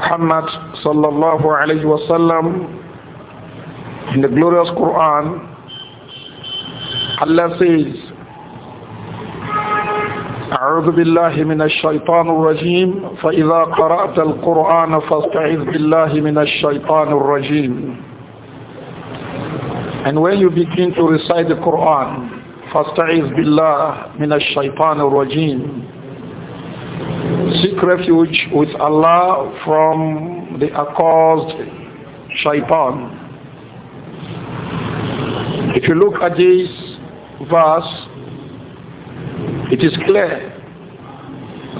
Muhammad sallallahu alayhi wasallam in the glorious Quran Allah says أعوذ بالله من الشيطان الرجيم فإذا قرأت القرآن فاستعذ بالله من الشيطان الرجيم And when you begin to recite the Quran فاستعذ بالله من الشيطان الرجيم seek refuge with Allah from the accursed shaitan. If you look at this verse, it is clear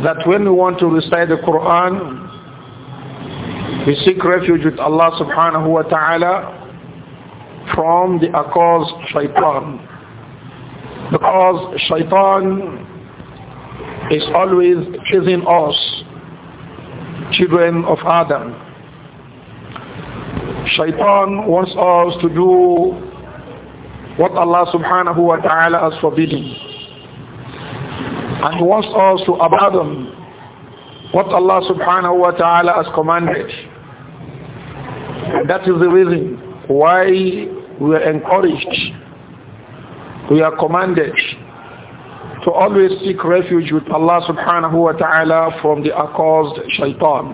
that when we want to recite the Quran, we seek refuge with Allah subhanahu wa ta'ala from the accursed shaitan. Because shaitan is always chasing us, children of Adam. Shaitan wants us to do what Allah subhanahu wa ta'ala has forbidden. And he wants us to abandon what Allah subhanahu wa ta'ala has commanded. And that is the reason why we are encouraged, we are commanded to always seek refuge with Allah subhanahu wa ta'ala from the accursed shaitan.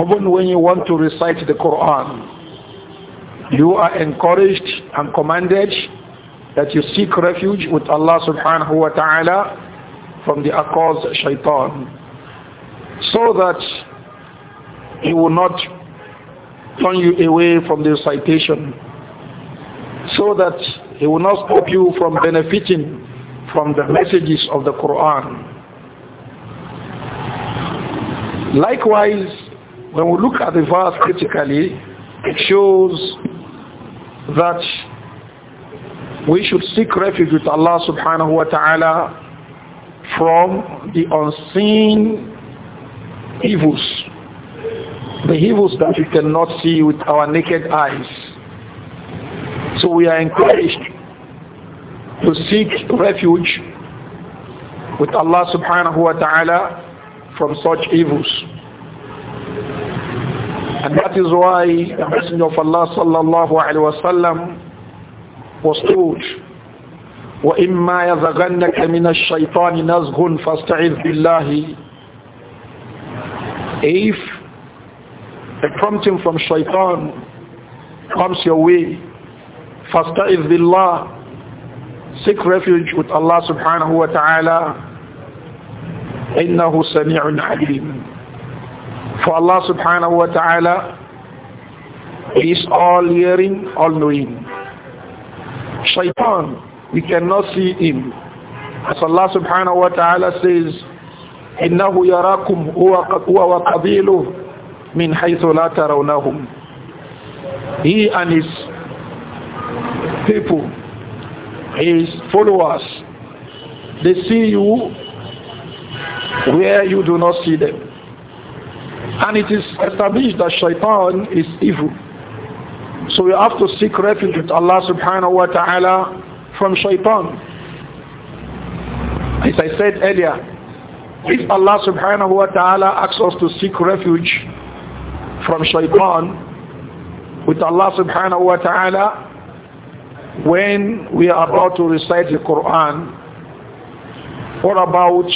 Even when you want to recite the Quran, you are encouraged and commanded that you seek refuge with Allah subhanahu wa ta'ala from the accursed shaitan. So that he will not turn you away from the recitation. So that he will not stop you from benefiting from the messages of the Quran. Likewise, when we look at the verse critically, it shows that we should seek refuge with Allah subhanahu wa ta'ala from the unseen evils, the evils that we cannot see with our naked eyes. So we are encouraged to seek refuge with Allah subhanahu wa ta'ala from such evils. And that is why the Messenger of Allah sallallahu alayhi wa sallam was told, وَإِمَّا يَذَغَنَّكَ مِنَ الشَّيْطَانِ نَزْغٌ فَاسْتَعِذْ بِاللَّهِ If a prompting from shaitan comes your way, فَاسْتَعِذْ بِاللَّهِ seek refuge with Allah subhanahu wa ta'ala إنه سميع عليم For Allah subhanahu wa ta'ala is all hearing, all knowing. Shaitan, we cannot see him. As Allah subhanahu wa ta'ala says, إِنَّهُ يَرَاكُمْ wa وَقَبِيلُهُ min حَيْثُ لَا تَرَوْنَهُمْ He and his people his followers. They see you where you do not see them. And it is established that shaitan is evil. So we have to seek refuge with Allah subhanahu wa ta'ala from shaitan. As I said earlier, if Allah subhanahu wa ta'ala asks us to seek refuge from shaitan, with Allah subhanahu wa ta'ala, when we are about to recite the Quran? What about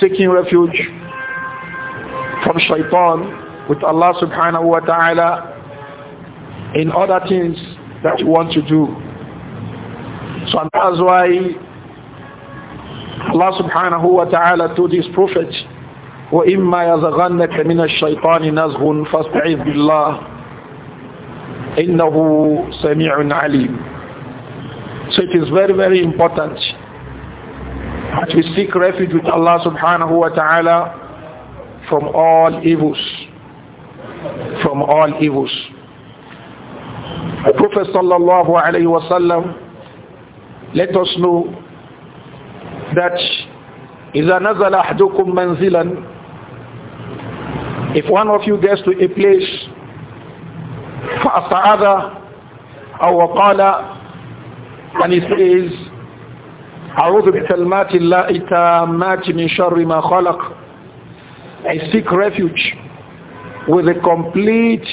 seeking refuge from shaitan with Allah subhanahu wa ta'ala in other things that you want to do? So that's why Allah subhanahu wa ta'ala told his prophet, وَإِمَّا يَزَغَنَّكَ مِنَ الشَّيْطَانِ نَزْغٌ فَاسْتَعِذْ بِاللَّهِ إِنَّهُ سَمِيعٌ عَلِيمٌ so it is very, very important that we seek refuge with Allah subhanahu wa ta'ala from all evils. From all evils. The Prophet sallallahu alayhi wa sallam let us know that إذا نزل أحدكم منزلا if one of you gets to a place فأصعد أو قال and he says, أعوذ بكلمات الله التامات من شر ما خلق I seek refuge with the complete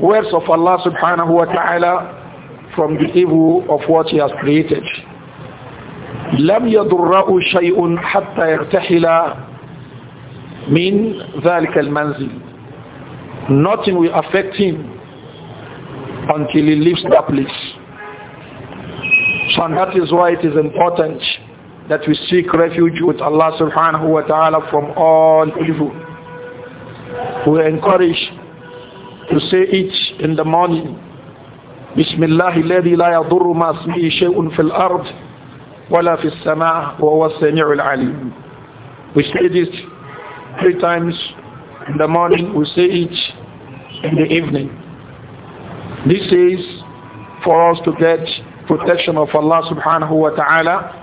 words of Allah subhanahu wa ta'ala from the evil of what he has created. Nothing will affect him until he leaves that place. And that is why it is important that we seek refuge with Allah subhanahu wa ta'ala from all evil. We encourage to say it in the morning. بسم الله الذي لا يضر ما اسمه شيء في الأرض ولا في السماء وهو السميع العليم. We say this three times in the morning, we say it in the evening. This is for us to get protection of Allah subhanahu wa ta'ala.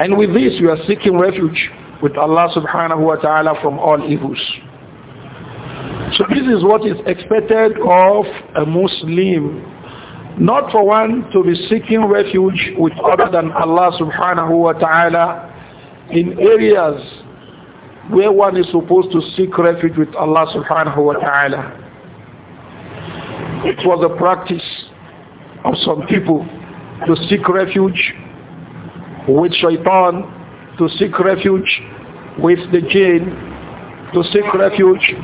And with this we are seeking refuge with Allah subhanahu wa ta'ala from all evils. So this is what is expected of a Muslim. Not for one to be seeking refuge with other than Allah subhanahu wa ta'ala in areas where one is supposed to seek refuge with Allah subhanahu wa ta'ala. It was a practice of some people to seek refuge with shaitan, to seek refuge with the jinn, to seek refuge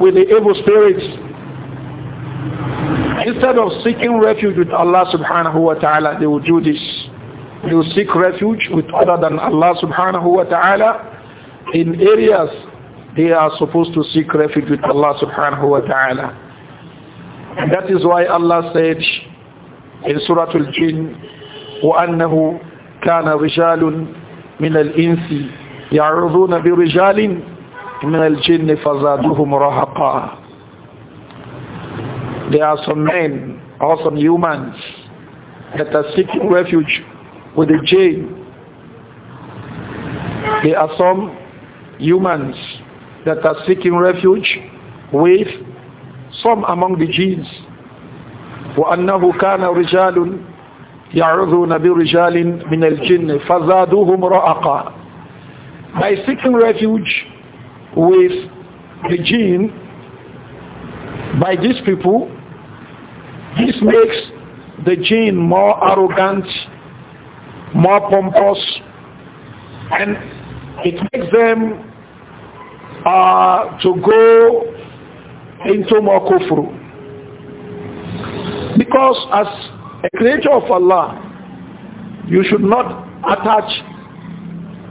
with the evil spirits. Instead of seeking refuge with Allah subhanahu wa ta'ala, they will do this. They will seek refuge with other than Allah subhanahu wa ta'ala in areas they are supposed to seek refuge with Allah subhanahu wa ta'ala. And that is why Allah said, in Surah Al-Jinn وأنه كان رجال من الإنس يعرضون برجال من الجن فزادهم رهقا There are some men or some humans that are seeking refuge with the jinn. There are some humans that are seeking refuge with some among the jinns. وأنه كان رجال يعوذون برجال من الجن فزادوهم رأقا by seeking refuge with the jinn by these people this makes the jinn more arrogant more pompous and it makes them uh, to go into more kufru because as a creator of Allah, you should not attach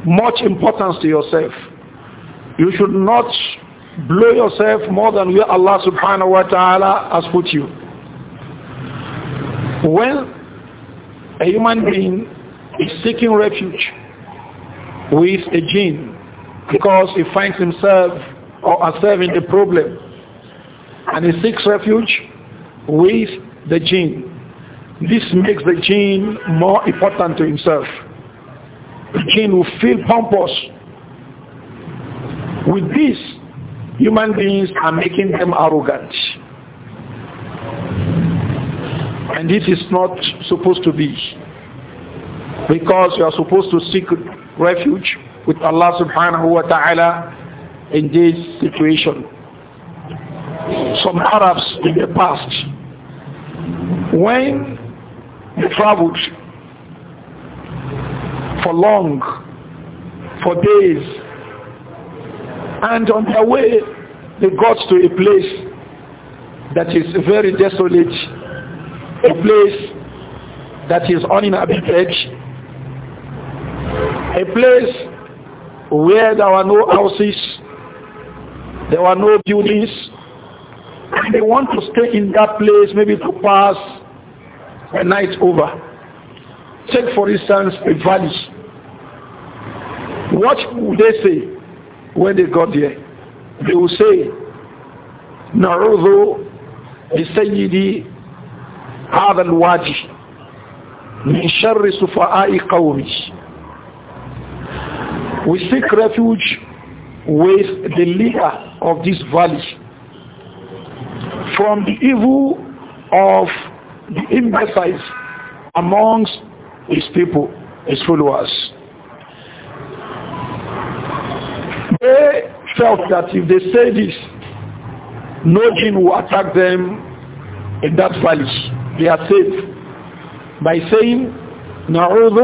much importance to yourself. You should not blow yourself more than where Allah subhanahu wa ta'ala has put you. When a human being is seeking refuge with a jinn because he finds himself or herself in a problem and he seeks refuge with the jinn. This makes the jinn more important to himself. The jinn will feel pompous. With this, human beings are making them arrogant. And this is not supposed to be. Because you are supposed to seek refuge with Allah subhanahu wa ta'ala in this situation. Some Arabs in the past when he traveled for long, for days, and on their way they got to a place that is very desolate, a place that is uninhabited, a place where there were no houses, there were no buildings, and they want to stay in that place maybe to pass a night over. Take for instance a valley. What would they say when they got there? They will say, Narudu بسيدي هذا الوادي min شر سفهاء qawmi." We seek refuge with the leader of this valley from the evil of the imbeciles amongst his people, his followers. They felt that if they say this, no jinn will attack them in that valley. They are safe by saying, نعوذ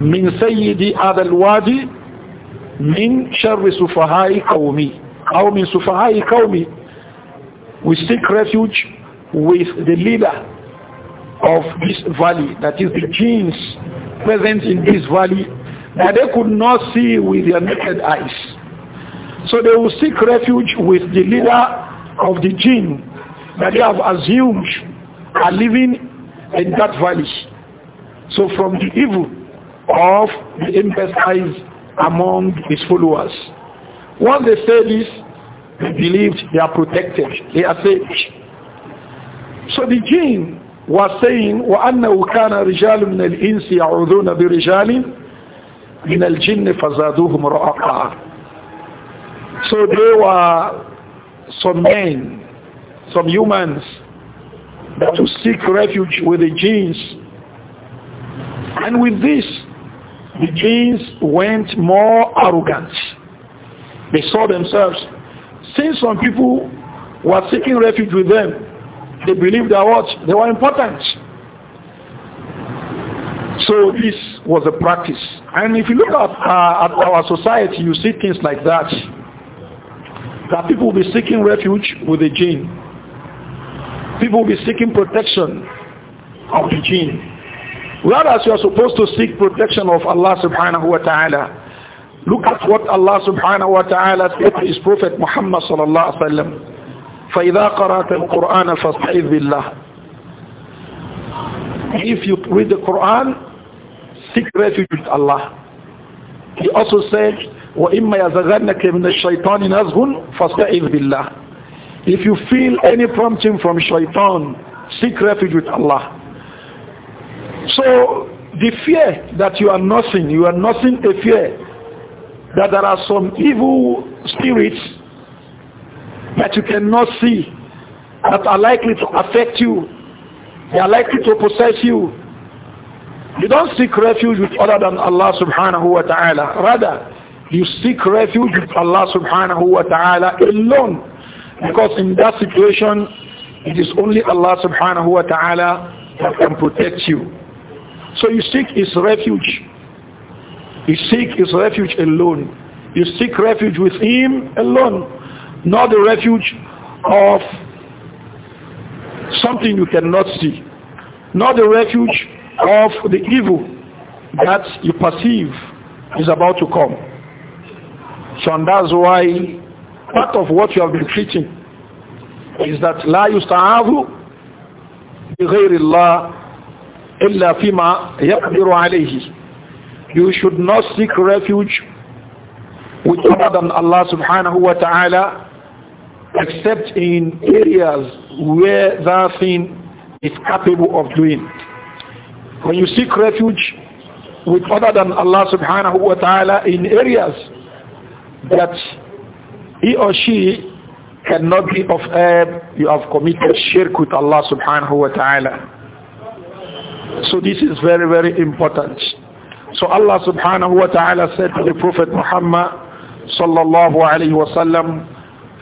min سيد هذا الوادي min شر سفهاء kaumi أو من سفهاء قومي we seek refuge with the leader of this valley, that is the genes present in this valley, that they could not see with their naked eyes. So they will seek refuge with the leader of the jinn that they have assumed are living in that valley. So from the evil of the emphasize among his followers. Once they say this, they believed they are protected. They are safe. So the jinn was saying, وَأَنَّهُ كَانَ رِجَالٌ مِنَ الْإِنسِ يَعُوذُونَ بِرِجَالٍ مِنَ الْجِنِّ فَزَادُوهُمْ رَأَقًا So there were some men, some humans that seek refuge with the jinns. And with this, the jinns went more arrogant. They saw themselves since some people were seeking refuge with them, they believed that what? They were important. So this was a practice. And if you look at, uh, at our society, you see things like that. That people will be seeking refuge with the jinn. People will be seeking protection of the jinn. Whereas you are supposed to seek protection of Allah subhanahu wa ta'ala. Look at what Allah subhanahu wa ta'ala said to his Prophet Muhammad sallallahu alayhi wa sallam. فَإِذَا قَرَأْتَ الْقُرْآنَ فَاسْتَعِذْ بِاللَّهِ If you read the Quran, seek refuge with Allah. He also said, وَإِمَّا يَزَغَنَّكَ مِنَ الشَّيْطَانِ نَزْغٌ فَاسْتَعِذْ بِاللَّهِ If you feel any prompting from shaitan, seek refuge with Allah. So the fear that you are nothing, you are nothing a fear that there are some evil spirits that you cannot see that are likely to affect you. They are likely to possess you. You don't seek refuge with other than Allah subhanahu wa ta'ala. Rather, you seek refuge with Allah subhanahu wa ta'ala alone. Because in that situation, it is only Allah subhanahu wa ta'ala that can protect you. So you seek his refuge. You seek his refuge alone. You seek refuge with him alone, not the refuge of something you cannot see, not the refuge of the evil that you perceive is about to come. So and that's why part of what you have been preaching is that لا يستعاذ بغير الله إلا فيما يقدر عليه you should not seek refuge with other than Allah subhanahu wa ta'ala except in areas where that thing is capable of doing. When you seek refuge with other than Allah subhanahu wa ta'ala in areas that he or she cannot be of help, you have committed shirk with Allah subhanahu wa ta'ala. So this is very, very important. So Allah subhanahu wa ta'ala said to the Prophet Muhammad sallallahu alayhi wa sallam,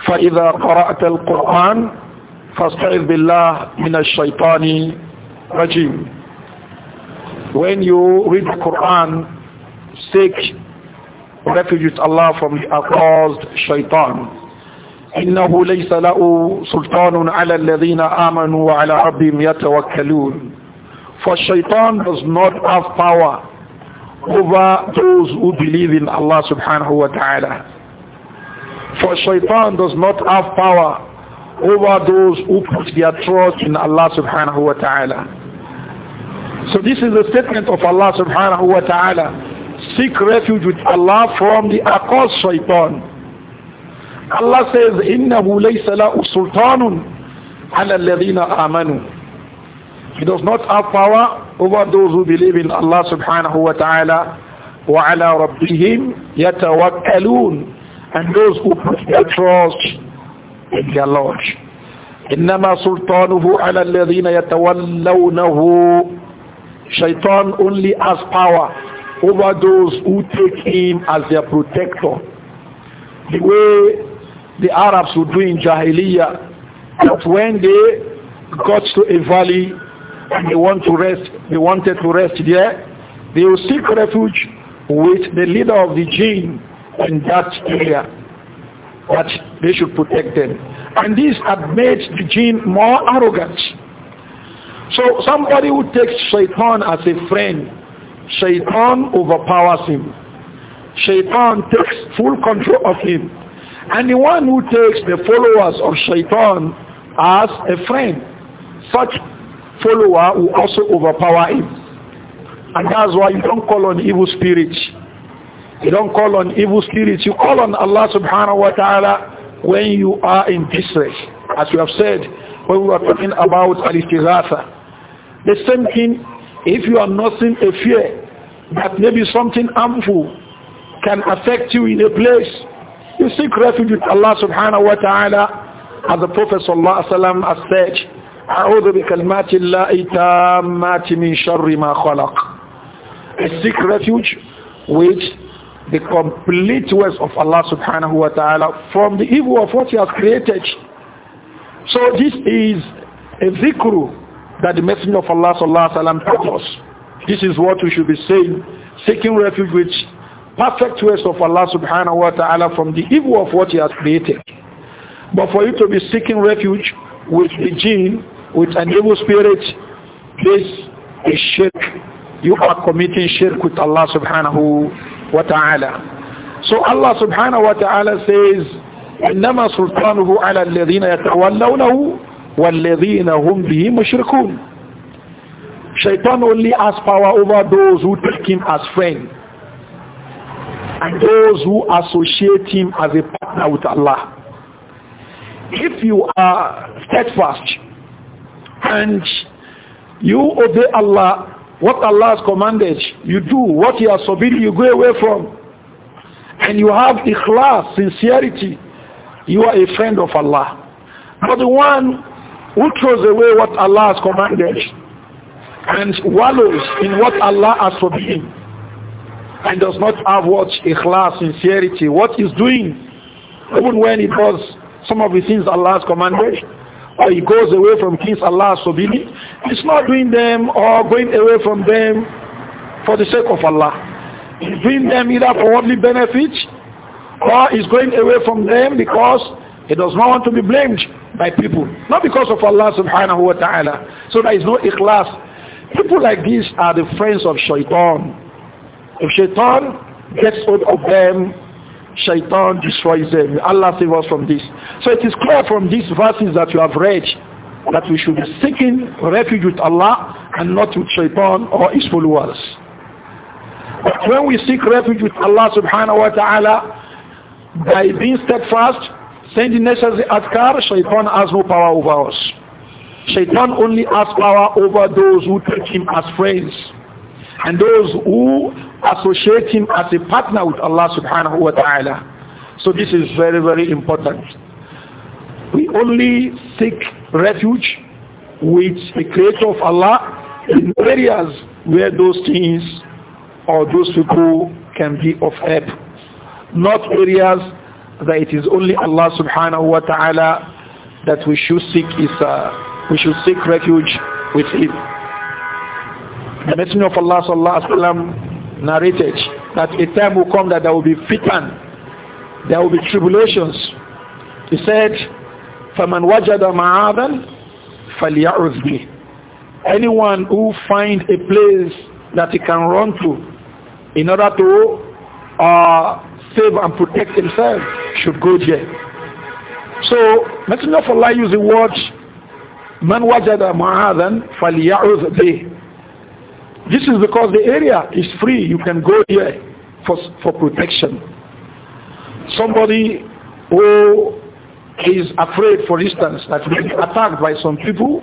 فَإِذَا قَرَأْتَ الْقُرْآنِ فَاسْتَعِذْ بِاللَّهِ مِنَ الشَّيْطَانِ رَجِيمِ When you read the Quran, seek refuge with Allah from the accursed shaitan. إنه ليس له سلطان على الذين آمنوا وعلى ربهم يتوكلون. For shaitan does not have power over those who believe in Allah subhanahu wa ta'ala. For shaitan does not have power over those who put their trust in Allah subhanahu wa ta'ala. So this is the statement of Allah subhanahu wa ta'ala. Seek refuge with Allah from the accursed shaitan. Allah says, إِنَّهُ لَيْسَ لَهُ سُلْطَانٌ عَلَى الَّذِينَ آمَنُوا he does not have power over those who believe in Allah subhanahu wa ta'ala wa ala rabbihim yatawakkalun and those who put their trust in their Lord. إنما سلطانه على الذين يتولونه Shaitan only has power over those who take him as their protector. The way the Arabs would do in Jahiliyyah, that when they got to a valley, and they want to rest, they wanted to rest there, they will seek refuge with the leader of the jinn in that area that they should protect them. And this had made the jinn more arrogant. So somebody who takes shaitan as a friend, shaitan overpowers him. Shaitan takes full control of him. And the one who takes the followers of shaitan as a friend, such follower will also overpower him. And that's why you don't call on evil spirits. You don't call on evil spirits. You call on Allah subhanahu wa ta'ala when you are in distress. As we have said, when we were talking about al-istighatha. The same thing, if you are nursing a fear that maybe something harmful can affect you in a place, you seek refuge with Allah subhanahu wa ta'ala as the Prophet sallallahu alaihi wasallam has said أعوذ بكلمات الله تامات من شر ما خلق I seek refuge with the complete words of Allah subhanahu wa ta'ala from the evil of what he has created. So this is a zikru that the Messenger of Allah sallallahu alaihi wasallam taught us. This is what we should be saying, seeking refuge with perfect words of Allah subhanahu wa ta'ala from the evil of what he has created. But for you to be seeking refuge with the jinn, with an evil spirit, this is shirk. You are committing shirk with Allah subhanahu wa ta'ala. So Allah subhanahu wa ta'ala says, إنما سلطانه على الذين يتولونه والذين هم به مشركون Shaitan only has power over those who take him as friend and those who associate him as a partner with Allah. If you are steadfast and you obey Allah. What Allah has commanded, you do. What He has forbidden, you go away from. And you have ikhlas, sincerity. You are a friend of Allah. But the one who throws away what Allah has commanded and wallows in what Allah has forbidden and does not have what ikhlas, sincerity, what he's doing, even when he does some of the things Allah has commanded, or he goes away from kings Allah subhanahu he's not doing them or going away from them for the sake of Allah. He's doing them either for worldly benefit or he's going away from them because he does not want to be blamed by people. Not because of Allah subhanahu wa ta'ala. So there is no ikhlas. People like these are the friends of shaitan. If shaitan gets hold of them, shaitan destroys them. Allah save us from this. So it is clear from these verses that you have read that we should be seeking refuge with Allah and not with shaitan or his followers. But when we seek refuge with Allah subhanahu wa ta'ala by being steadfast, sending necessary adkar, shaitan has no power over us. Shaitan only has power over those who take him as friends and those who associate him as a partner with Allah subhanahu wa ta'ala. So this is very, very important. We only seek refuge with the creator of Allah in areas where those things or those people can be of help. Not areas that it is only Allah subhanahu wa ta'ala that we should seek is uh, we should seek refuge with him. The Messenger of Allah sallallahu alaihi wasallam narrated that a time will come that there will be fitan, there will be tribulations. He said, فَمَنْ وَجَدَ مَعَاذًا فَلْيَعُذْ Anyone who find a place that he can run to in order to uh, save and protect himself should go there. So, Messenger of Allah used the word, مَنْ وَجَدَ مَعَاذًا فَلْيَعُذْ this is because the area is free. You can go here for, for protection. Somebody who is afraid, for instance, that will be attacked by some people,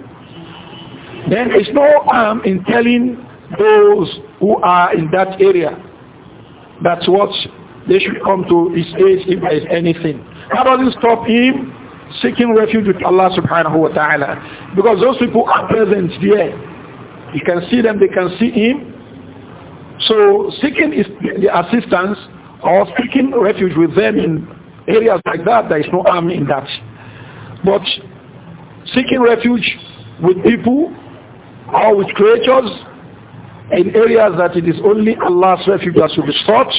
then it's no harm in telling those who are in that area that what they should come to his aid if there is anything. How does it stop him seeking refuge with Allah subhanahu wa ta'ala because those people are present there he can see them, they can see him. So seeking his, the assistance or seeking refuge with them in areas like that, there is no harm in that. But seeking refuge with people or with creatures in areas that it is only Allah's refuge that should be sought,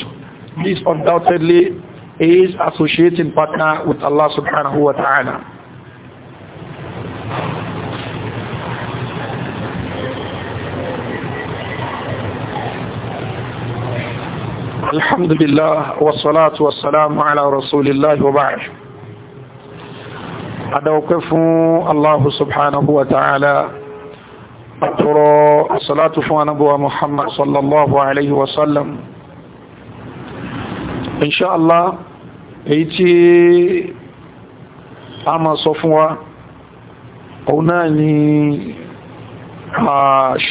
this undoubtedly is associating partner with Allah subhanahu wa ta'ala. الحمد لله والصلاة والسلام على رسول الله وبعد أدوكف الله سبحانه وتعالى أترى صلاة فوانبوى محمد صلى الله عليه وسلم إن شاء الله إيتي أما صفوة أوناني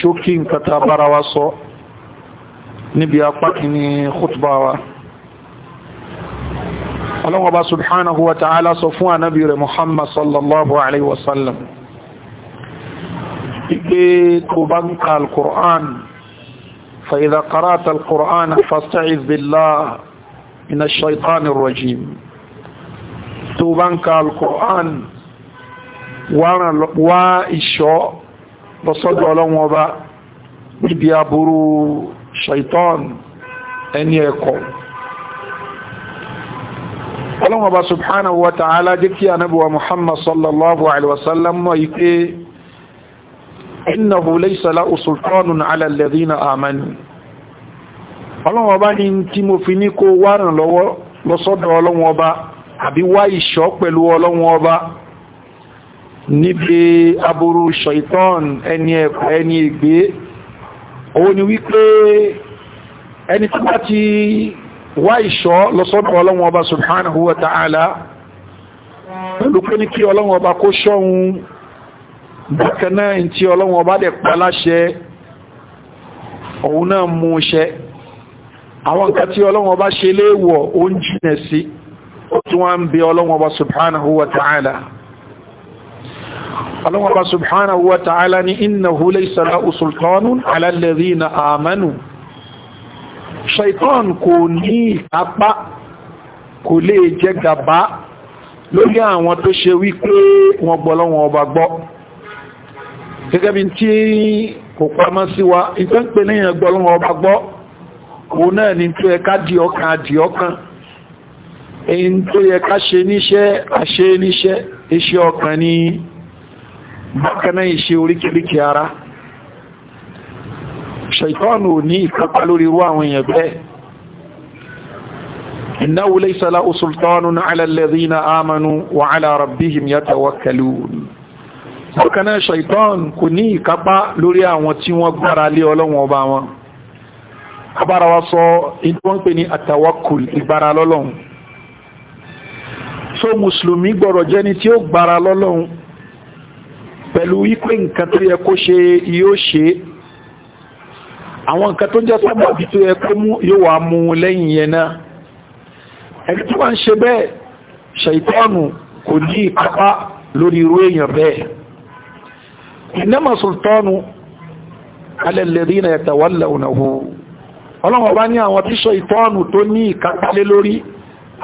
شوكين كتابر وصو níbi apá kìíní khutba wa ọlọ́wọ́ bá subhanahu wa ta'ala sọ fún ànábì rẹ̀ muhammad sallallahu alaihi wasallam igbe tó bá ń ka al-qur'an fa idha qara'ta al-qur'an fasta'iz billah min ash-shaytan rajim tó bá ń ka al-qur'an wá ìṣọ́ lọ́sọ́dọ̀ ọlọ́wọ́ bá níbi aburú ṣaitan ẹni ẹ̀kọ́ ọlọ́run ọba subhanahu wa ta'ala jẹ́ kí anábíwa muhammad sallallahu alaihi wasallam mọ̀ yí pé innahu laysa lahu sultanun ala alladhina amanu ọlọ́run ọba ní tí mo fi ní kó wárùn lọ́wọ́ lọ́sọ́dọ̀ ọlọ́run ọba àbí wá ìṣọ́ pẹ̀lú ọlọ́run ọba níbi aburú ṣaitan ẹni ẹ̀kọ́ ẹni ìgbé òun ni wípé ẹni tó bá ti wá ìṣọ́ subhanahu wa ta'ala pẹ̀lú ní kí ọlọ́run ọba kó ṣọ́hun bákan tí ọlọ́run ọba dẹ̀ pa láṣẹ òun náà mú ṣẹ àwọn nǹkan tí ọlọ́run ọba ṣe léèwọ̀ sí ó tún subhanahu wa ta'ala Allah subhanahu wa ta'ala ni innahu laysa lahu sultanun ala alladhina amanu shaitan kò ní apá kò lè jẹ gàbá lórí àwọn tó ṣe wípé wọn gbọ́lọ́wọ́n ọba gbọ́ gẹ́gẹ́ bí tí kò pamọ́ sí wa ìfẹ́ ń pè lẹ́yìn gbọ́lọ́wọ́n ọba gbọ́ òun náà ni tó ẹka di ọkàn àdì ọkàn èyí tó yẹ ká ṣe níṣẹ́ àṣẹ níṣẹ́ iṣẹ́ ọkàn ni bákanáà ìṣe oríkèríkè ara ṣaitọ́nù ní ìkápá lórí irú àwọn èèyàn bẹ́ẹ̀ innahu laysa lahu sultanun ala alladhina amanu wa ala rabbihim yatawakkalun bákanáà ṣaitọ́nù kò ní ìkápá lórí àwọn tí wọ́n gbára lé ọlọ́wọ́n ọba wọn abára wa sọ ìdíwọ́n pè ní àtàwákùl ìgbára lọ́lọ́run so mùsùlùmí gbọ́dọ̀ jẹ́ni tí ó gbára lọ́lọ́run pẹ̀lú wípé nǹkan tó yẹ kó ṣe yóò ṣe àwọn nǹkan tó jẹ́ sábàbí tó yẹ kó yóò wà mú lẹ́yìn yẹn náà ẹni tó wá ṣe bẹ́ẹ̀ ṣàìtọ́nù kò ní ìkápá lórí irú èèyàn bẹ́ẹ̀ ìnáma sultanu alẹ́lẹ́rí na ẹ̀tàwálẹ̀ ònàwó ọlọ́wọ́ bá ní àwọn tí ṣàìtọ́nù tó ní ìkápá lé lórí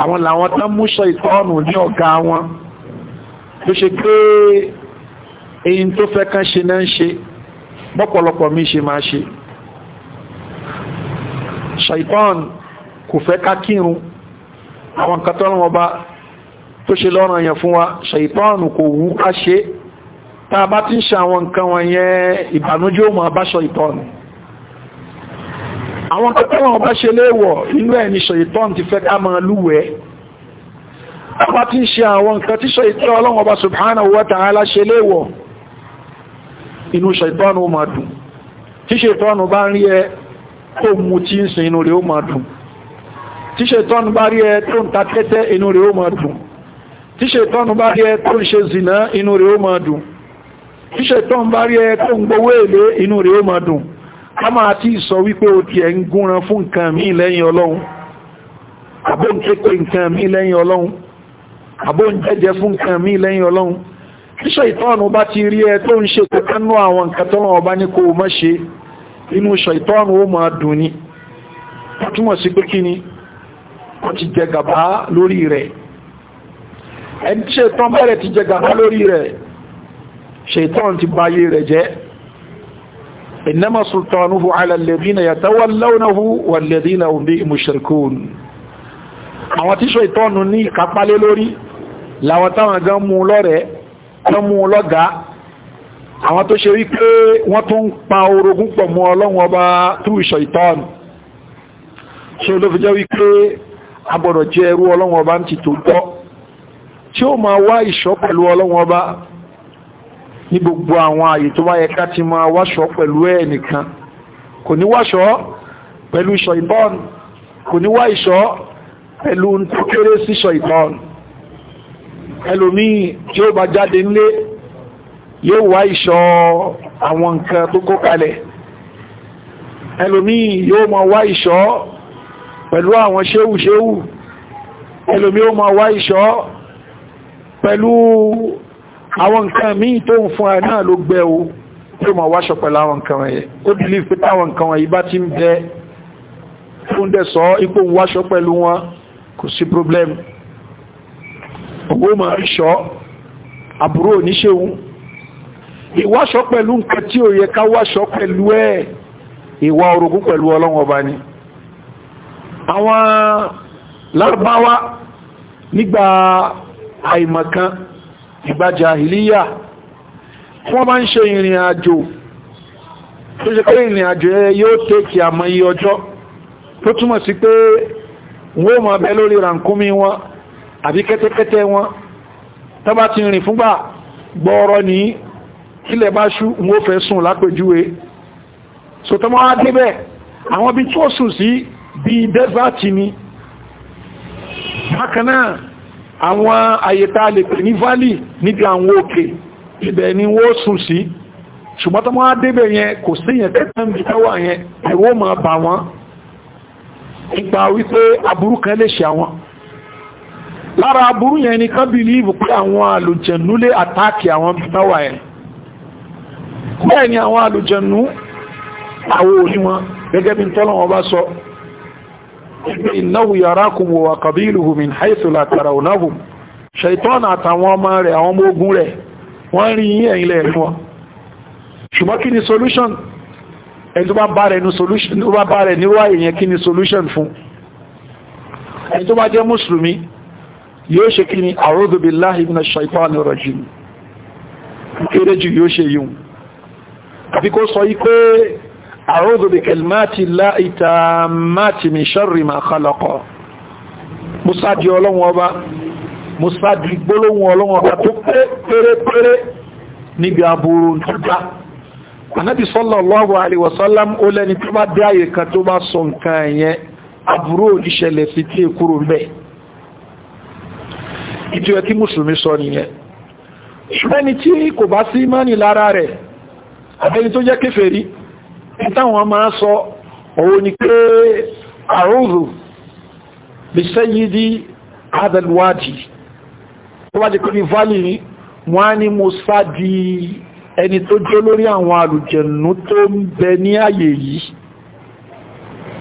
àwọn làwọn tán mú ṣàìtọ́nù ní ọ̀gá wọn tó ṣe pé èyí tó fẹ́ kán ṣe náà ń ṣe bọ́pọ̀lọpọ̀ mi ṣe máa ṣe ṣàìtàn kò fẹ́ ká kírun àwọn kan tọ́lọ́ ọba tó ṣe lọ́rọ̀ yẹn fún wa ṣàìtàn kò wú ká ṣe tá a bá ti ń ṣe àwọn nǹkan wọ̀nyẹn ìbànújẹ́ òmù àbáṣọ ìtọ́nù àwọn kọ́kọ́ wọn bá ṣe léèwọ̀ inú ẹ̀ ní ṣèyítọ́n ti fẹ́ ká máa lúwẹ̀ ọba tí ń ṣe àwọn nǹkan tí ṣèyítọ́ ọlọ́wọ́ bá subhanahu wa ta'ala ṣe léèwọ̀ inú ṣẹ̀tọ́nù ó máa dùn tí ṣẹ̀tọ́nù bá ń rí ẹ tó mú tí ń sin inú rẹ̀ ó máa dùn tí ṣẹ̀tọ́nù bá rí ẹ tó ń ta tẹ́tẹ́ inú rẹ̀ ó máa dùn tí ṣẹ̀tọ́nù bá rí ẹ tó ń ṣe zìnà inú rẹ̀ ó máa dùn tí ṣẹ̀tọ́nù bá rí ẹ tó ń gbowó èlé inú rẹ̀ ó máa dùn a máa tí sọ wípé o tiẹ̀ ń gúnran fún nǹkan mí lẹ́yìn ọlọ́run àbó nǹkan mí lẹ́yìn ọlọ́run àbó fún nǹkan mí lẹ́yìn ọlọ́run tíṣọ́ ìtọ́nù bá ti rí ẹ tó ń ṣe kankanú àwọn nǹkan tó lọ́wọ́ ní kó o ṣe inú ṣọ ìtọ́nù ó máa dùn ni wọ́n sí pé kí ni wọ́n ti jẹ gàbá lórí rẹ̀ ẹni tí ṣètọ́n bẹ̀rẹ̀ ti jẹ gàbá lórí rẹ̀ ṣètọ́n ti ba ayé rẹ̀ jẹ́ innama sultanuhu ala alladhina yatawallawnahu walladhina hum bihi mushrikun àwọn tíṣọ́ ìtọ́nù ní ìkápálé lórí làwọn táwọn gan mú lọ́rẹ̀ẹ́ wọ́n mú lọ́gàá àwọn tó ṣe wípé wọ́n tún pa orogún pọ̀ mọ́ ọlọ́run ọba through shaitan ṣe ló fi jẹ́ wípé agbọ̀dọ̀ jẹ́ ẹrú ọlọ́run ọba ń ti tó gbọ́ tí ó máa wá ìṣọ́ pẹ̀lú ọlọ́run ọba ní gbogbo àwọn ààyè tó wáyé ká ti máa wáṣọ́ pẹ̀lú ẹ̀ nìkan kò ní wáṣọ́ pẹ̀lú shaitan kò ní wá ìṣọ́ pẹ̀lú kéré sí shaitan ẹlòmíì tí ó bá jáde nílé yóò wá ìṣọ́ àwọn nǹkan tó kó kalẹ̀ ẹlòmíì yóò máa wá ìṣọ́ pẹ̀lú àwọn ṣéwùṣéwù ẹlòmíì ó máa wá ìṣọ́ pẹ̀lú àwọn nǹkan míì tó ń fún ẹ náà ló gbẹ́ o tó máa wáṣọ pẹ̀lú àwọn nǹkan wọ̀nyẹ ó dìlí pé táwọn nǹkan wọ̀nyí bá ti ń bẹ fún dẹ̀ sọ ipò wáṣọ pẹ̀lú wọn kò sí problème ọgbọ́n ma ń ṣọ́ àbúrò oníṣẹ́hun ìwáṣọ́ pẹ̀lú nǹkan tí ó yẹ ká wáṣọ́ pẹ̀lú ẹ̀ ìwà orogún pẹ̀lú ọlọ́wọ́ bá ní àwọn lárúbáwá nígbà àìmọ̀kan Ìgbàjà Ìlíyà, wọ́n máa ń ṣe ìrìn àjò tó ṣe pé ìrìn àjò yóò tẹ́kì àmọ́ iye ọjọ́ tó túmọ̀ sí pé wọ́n máa bẹ lórí ràǹkúmí wọn àbí kẹ́tẹ́kẹ́tẹ́ wọn tó bá ti rìn fúngbà gbọ́ọ̀rọ̀ ní ilẹ̀ bá ṣú ń ó fẹ́ sùn lápèjúwe so tó máa débẹ̀ àwọn bí tó sùn sí bí dẹ́sàtì ni bákan náà àwọn àyètà lè pè ní valley níbi àwọn òkè ibẹ̀ ni wọ́n sùn sí ṣùgbọ́n tó máa débẹ̀ yẹn kò sí yẹn tẹ́tẹ́mì tẹ́wà yẹn ẹ̀rọ máa lára aburú yẹn ni kán bìlíìfù pé àwọn àlùjẹ̀nú lè àtáàkì àwọn mẹ́wàá ẹ̀ bẹ́ẹ̀ ni àwọn àlùjẹ̀nú àwọ̀ òní wọn gẹ́gẹ́ bí tọ́lọ́wọ́ bá sọ innahu wa qabiluhu min haythu la tarawnahum ṣaitọ́n àtàwọn ọmọ rẹ̀ àwọn ọmọ ogun solution ẹni tó bá bá rẹ̀ nírú àyèyàn kí solution fún ẹni tó bá jẹ́ mùsùlùmí yóò ṣe kí ni a'udhu billahi minash shaitanir rajim kéré jù yóò ṣe yíò àfi kó sọ ipé a'udhu bi kalimati llahi tammati min sharri ma khalaqa musáàdì ọlọ́wọ́n ọba musáàdì gbólóhùn tó pérépéré ìtú ẹ kí mùsùlùmí sọ nìyẹn ṣùgbọ́n ẹni tí kò bá sí mọ́nì lára rẹ̀ àbẹ́ni tó jẹ́ kéfèrí táwọn máa sọ òun ni pé àrùrù bí sẹ́yí di adalwadi tó bá jẹ́ pé ní valley ni wọ́n á ní mo sá di ẹni tó jẹ́ lórí àwọn àlùjẹ̀nú tó ń bẹ ní ààyè yìí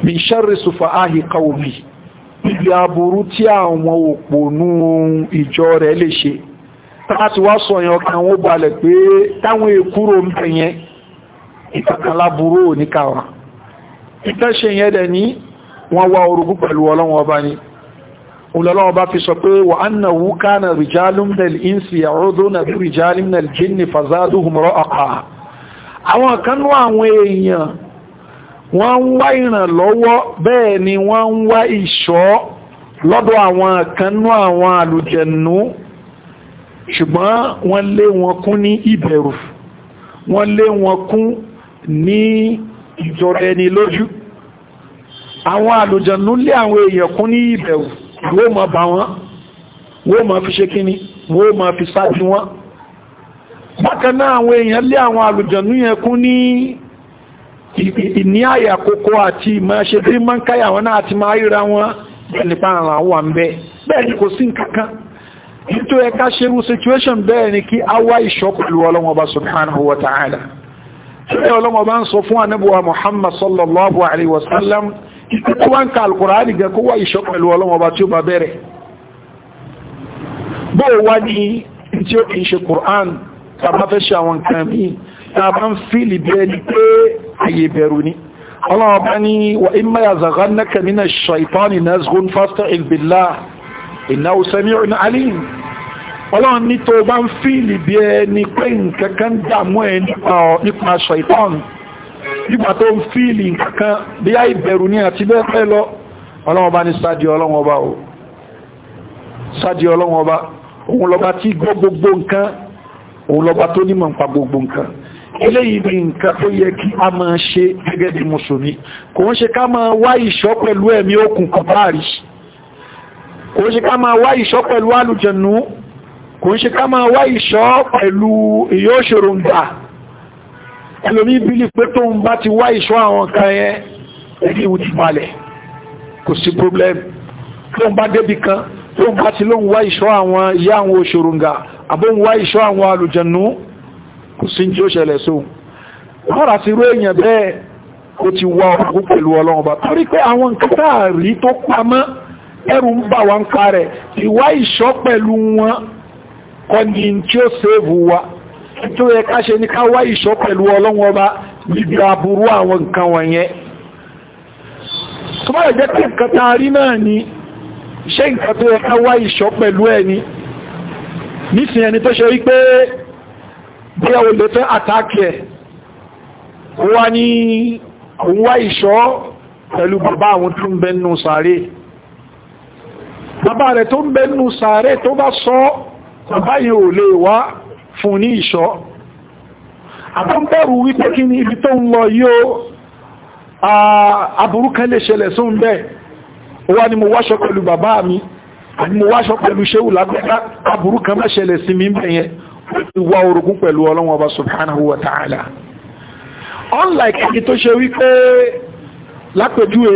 bí sẹ́rì sùfà áhì kàwòmí níbi aburú tí àwọn òpònú ìjọ rẹ̀ lè ṣe láti wá sọ yẹn ọkàn wọn balẹ̀ pé táwọn èkúrò ń bẹ̀ yẹn ìtàkàláburú ò ní káwà ìtẹ́ṣe yẹn dẹ̀ ní wọ́n wá orogún pẹ̀lú ọlọ́wọ́ ọba ni olọ́lọ́wọ́ bá fi sọ wọ́n ń wá ìrànlọ́wọ́ bẹ́ẹ̀ ni wọ́n ń wá ìṣọ́ lọ́dọ̀ àwọn kanú àwọn àlùjẹ̀nú ṣùgbọ́n wọ́n lé wọn kún ní ìbẹ̀rù wọ́n lé wọn kún ní ìjọra ẹni lójú àwọn àlùjẹ̀nú lé àwọn èèyàn kún ní ìbẹ̀rù wọ́n máa bà wọ́n wọ́n máa fi ṣe kíní wọ́n ma fi sáájú wọn bákan náà àwọn èèyàn lé àwọn àlùjẹ̀nú yẹn kún ní ìbẹ̀rù ìní àyà kókó àti ìmọ̀ ṣe bí mọ́ ń káyà wọn náà ti máa ríra wọn nípa àwọn àwọn ń bẹ bẹ́ẹ̀ ni kò sí nǹkankan nítorí ẹka ṣerú situation bẹ́ẹ̀ ni kí a wá ìṣọ́ pẹ̀lú ọlọ́mọba subhanahu wa ta'ala ṣe ọlọ́mọba ń sọ fún muhammad sallallahu alaihi wasallam kó wá ń ka alkùnrin gẹ kó wá ìṣọ́ pẹ̀lú ọlọ́mọba tí ó bá bẹ̀rẹ̀ bóò wá àwọn nǹkan tàbá ń fílì bí ẹni pé ayé bẹ̀rù ni ọlọ́wọ́ bá ní wà imma yazaghannaka mina shaitani nazghun fasta'idh billah innahu sami'un alim ọlọ́wọ́ ní tó bá ń fílì bí ẹni pé nkankan dàmú ẹ nípa shaitani nígbà tó ń fílì nkankan bí ayé bẹ̀rù ni àti bẹ́ẹ̀ pẹ́ lọ ọlọ́wọ́ bá òun lọ́ba tí gbọ́ nǹkan òun lọ́ba tó nímọ̀ nípa gbogbo nǹkan eléyìí ni nǹkan tó yẹ kí a máa ṣe gẹ́gẹ́ bí mùsùlùmí kò ń ṣe ká máa wá ìṣọ́ pẹ̀lú ẹ̀mí òkun kan báàrí kò ń ṣe ká máa wá ìṣọ́ pẹ̀lú àlùjànnú kò ń ṣe ká máa wá ìṣọ́ pẹ̀lú ìyóṣòròǹdà ẹlòmí bílí pé tó ń bá ti wá ìṣọ́ àwọn kan yẹn ẹgbẹ́ ìwò ti balẹ̀ kò sí problem tó ń bá débi kan tó ń bá ti ló wá ìṣọ́ àwọn ìyá àwọn òṣòròǹgà àbó ń wá ìṣọ́ àwọn àlùjànnú kò sí tí ó ṣẹlẹ̀ sóhun lọ́ra sí irú èèyàn bẹ́ẹ̀ ó ti wá ọkùn pẹ̀lú ọlọ́run bá torí pé àwọn nǹkan táàrí tó pamọ́ ẹrù ń bà wá ń pa rẹ̀ ìwá ìṣọ́ pẹ̀lú wọn kọ́ ni tí ó sèvù wa tó yẹ ká ṣe ní ká ìṣọ́ pẹ̀lú ọlọ́run ọba níbi aburú ẹni tó ṣe wípé bí ẹ olè fẹ́ àtàkì ẹ̀ wá ní wá ìṣọ́ pẹ̀lú bàbá àwọn tó ń bẹnu sàárè bàbá rẹ̀ tó ń bẹnu sàárè tó bá sọ bàbá yìí ò lè wá fún ní ìṣọ́ àbọ́bẹ̀rù wípé kí ni ibi tó ń lọ yóò aburú kan lè ṣẹlẹ̀ sóhun bẹ́ẹ̀ wá ní mo wáṣọ pẹ̀lú bàbá mi àti mo wáṣọ pẹ̀lú ṣéwù lágbẹ́ká aburú kan má sí mi bẹ̀yẹn wá orogún pẹ̀lú ọlọ́run ọba subhanahu wa ta'ala unlike ẹni tó ṣe wípé lápẹjúwe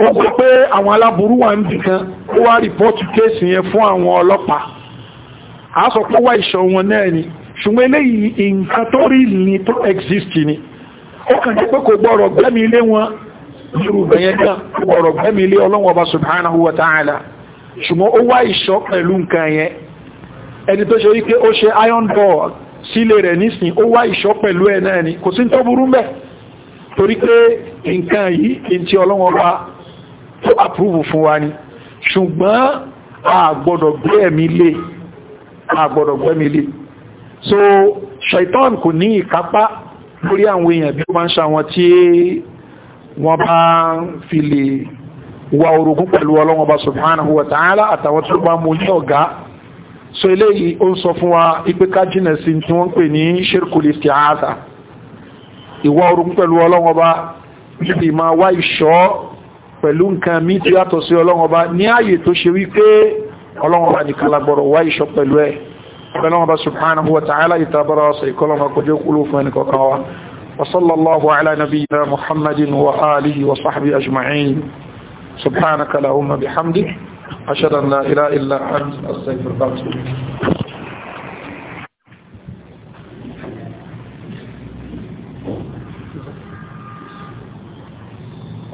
o gbọ́ pé àwọn aláburú wà ń bì kan ó wá rìpọ́tù kéèsì yẹn fún àwọn ọlọ́pàá a sọ pé wá ìṣọ́ wọn náà ni ṣùgbọ́n eléyìí nǹkan tó rí ní tó exist ni ó kàn jẹ́ pé kò gbọ́rọ̀ gbẹ́mi ilé wọn irú bẹ̀yẹn kan gbọ́rọ̀ gbẹ́mi ilé subhanahu wa ẹni tó ṣe wípé ó ṣe iron ball sílé rẹ̀ nísìn ó wá ìṣọ́ pẹ̀lú ẹ̀ náà ni kò sí tó burú mẹ́ torí pé nǹkan yìí in tí ọlọ́wọ́n bá tó àpúrúvù fún wa ni ṣùgbọ́n àgbọ̀dọ̀ gbẹ́ẹ̀mí lé so shaitan kò ní ìkápá lórí àwọn èèyàn bí ó máa ń ṣe àwọn tí wọ́n bá fi lè wa orogún pẹ̀lú ọlọ́wọ́n bá subhanahu wa ta'ala àtàwọn tó bá mú ní ọ̀gá so eléyìí ó ń sọ fún wa ipé ká jìnà sí tí wọ́n pè ní ṣírkùlì isti'aza ìwọ orun pẹ̀lú Ọlọ́run Ọba níbi ma wá ìṣọ́ pẹ̀lú nǹkan mí tí yàtọ̀ sí Ọlọ́run Ọba ní ààyè tó ṣe wípé Ọlọ́run Ọba nìkan wá ìṣọ́ pẹ̀lú ẹ̀ وصلى الله على نبينا محمد وآله وصحبه أجمعين سبحانك اللهم بحمدك أشهد أن لا إله إلا أنت أستغفرك وأتوب إليك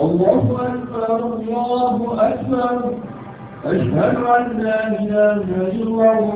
الله أكبر الله أكبر أشهد أن لا إله إلا الله